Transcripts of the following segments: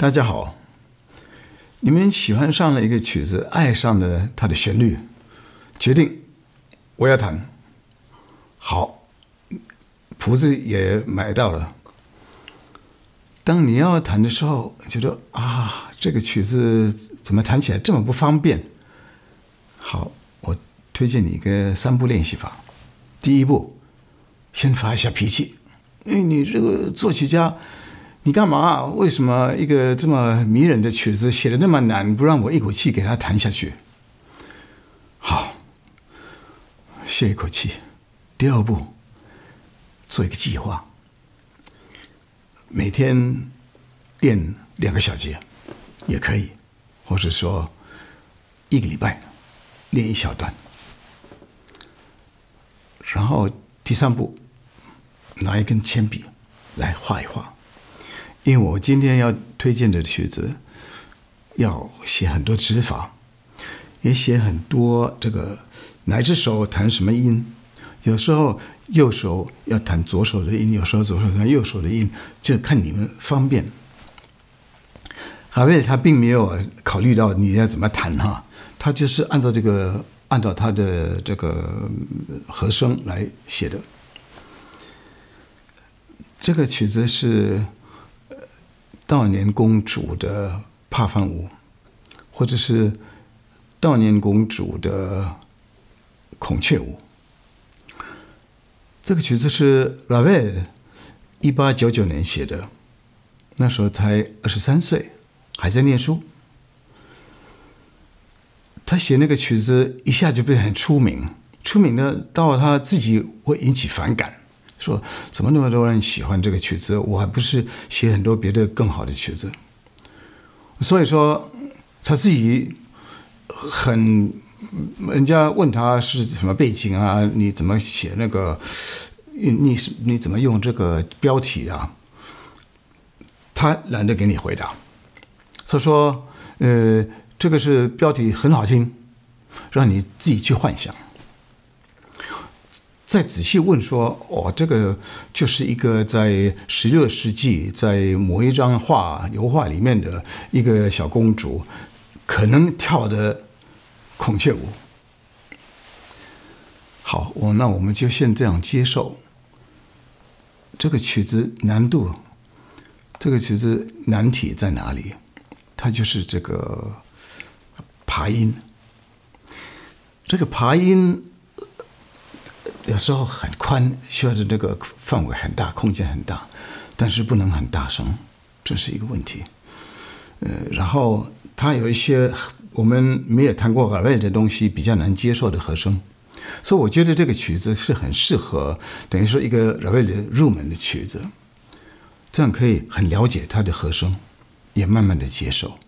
大家好，你們喜歡上了一個曲子，愛上了它的旋律，決定我要彈。好，譜子也買到了。當你要彈的時候，覺得啊，這個曲子怎麼彈起來這麼不方便？好，我推薦你一個三步練習法。第一步，先發一下脾氣，因為你這個作曲家。你幹嘛啊？為什麼一個這麼迷人的曲子寫的那麼難，不讓我一口氣給它彈下去？好，歇一口氣。第二步，做一個計劃，每天練兩個小節也可以，或是說一個禮拜練一小段。然後第三步，拿一根鉛筆來畫一畫。因為我今天要推薦的曲子，要寫很多指法，也寫很多這個，哪隻手彈什麼音，有時候右手要彈左手的音，有時候左手彈右手的音，就看你們方便。拉威爾他並沒有考慮到你要怎麼彈哈，他就是按照這個，按照他的這個和聲來寫的。這個曲子是，悼念公主的帕凡舞，或者是悼念公主的孔雀舞，這個曲子是拉威爾一八九九年寫的，那時候才二十三歲，還在念書。他寫那個曲子一下就變得很出名，出名呢，到他自己會引起反感。說怎麼那麼多人喜歡這個曲子？我還不是寫很多別的更好的曲子。所以說他自己很，人家問他是什麼背景啊？你怎麼寫那個？你你是你怎麼用這個標題啊？他懶得給你回答。他說：呃，這個是標題很好聽，讓你自己去幻想。再仔細問說，哦，這個就是一個在十六世紀在某一張畫油畫裡面的一個小公主，可能跳的孔雀舞。好，我、哦、那我們就先這樣接受。這個曲子難度，這個曲子難題在哪裡？它就是這個琶音，這個琶音。有時候很寬，需要的這個範圍很大，空間很大，但是不能很大聲，這是一個問題。呃，然後它有一些我們沒有彈過 Ravel 的東西，比較難接受的和聲，所以我覺得這個曲子是很適合，等於說一個 Ravel 的入門的曲子，這樣可以很了解它的和聲，也慢慢的接受。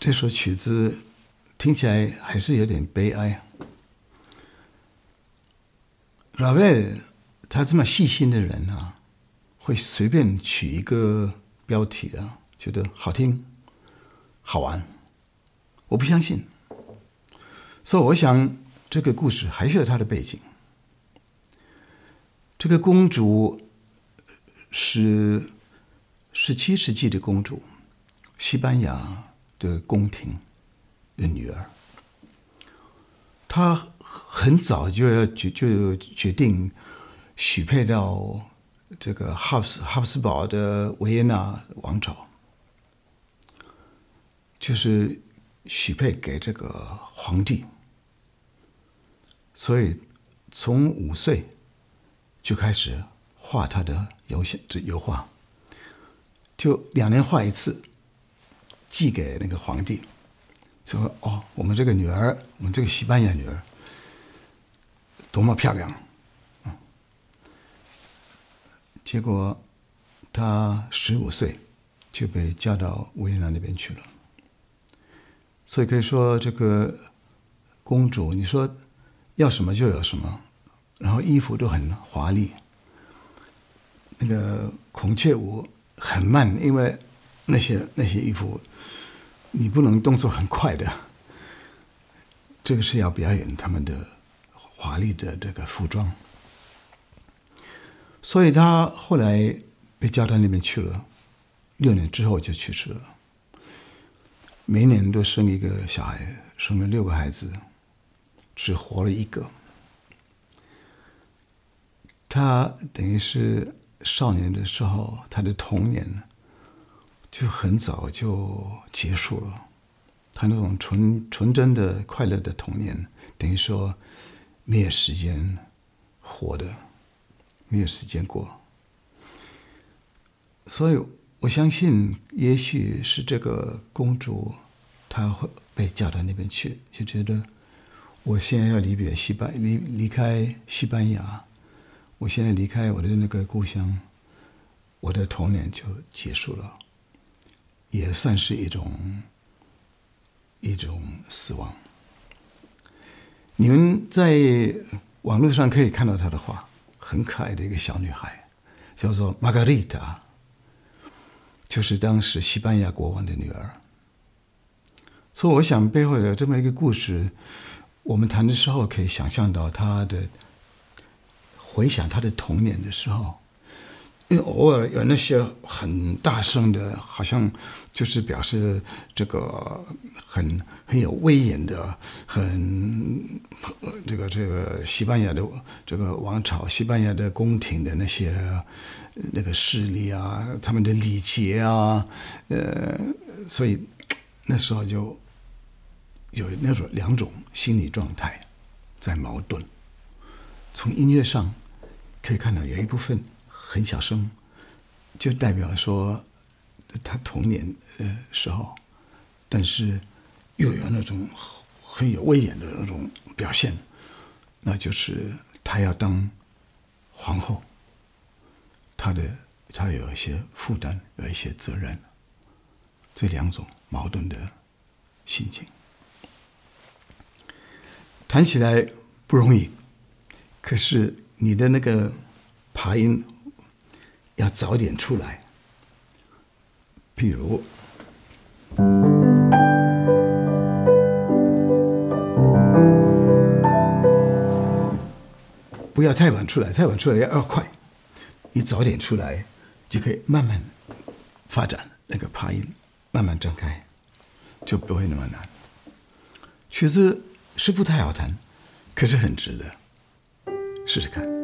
這首曲子聽起來還是有點悲哀。啊。拉威爾他這麼細心的人啊，會隨便取一個標題啊，覺得好聽、好玩，我不相信。所、so, 以我想，這個故事還是有它的背景。這個公主是十七世紀的公主，西班牙，的宮廷的女兒，她很早就要決就決定許配到這個哈布斯哈布斯堡的維也納王朝，就是許配給這個皇帝，所以從五歲就開始畫她的油這油畫，就兩年畫一次。寄給那個皇帝，說：“哦，我們這個女兒，我們這個西班牙女兒，多麼漂亮！”嗯，結果他十五歲就被嫁到維也納那邊去了。所以可以說，這個公主，你說要什麼就有什麼，然後衣服都很華麗，那個孔雀舞很慢，因為。那些那些衣服，你不能動作很快的。這個是要表演他們的華麗的這個服裝，所以他後來被叫到那邊去了。六年之後就去世了。每年都生一個小孩，生了六個孩子，只活了一個。他等於是少年的時候，他的童年就很早就結束了，她那種純純真的快樂的童年，等於說沒有時間活的，沒有時間過。所以我相信，也許是這個公主她會被嫁到那邊去，就覺得我現在要離別西班，離離開西班牙，我現在離開我的那個故鄉，我的童年就結束了。也算是一種一種死亡。你們在網絡上可以看到她的畫，很可愛的一個小女孩，叫做瑪格麗塔，就是當時西班牙國王的女兒。所以我想背後有這麼一個故事，我們談的時候可以想象到她的回想她的童年的時候。因為偶爾有那些很大聲的，好像就是表示這個很很有威嚴的，很這個這個西班牙的這個王朝、西班牙的宮廷的那些那個勢力啊，他們的禮節啊，呃，所以那時候就有那種兩種心理狀態在矛盾。從音樂上可以看到有一部分。很小聲，就代表說，他童年呃的時候，但是又有那種很有威嚴的那種表現，那就是他要當皇後，他的他有一些負擔，有一些責任，這兩種矛盾的心情，彈起來不容易，可是你的那個琶音。要早點出來，比如不要太晚出來，太晚出來要要、哦、快。你早點出來，就可以慢慢發展那個琶音，慢慢展開，就不會那麼難。曲子是不太好彈，可是很值得試試看。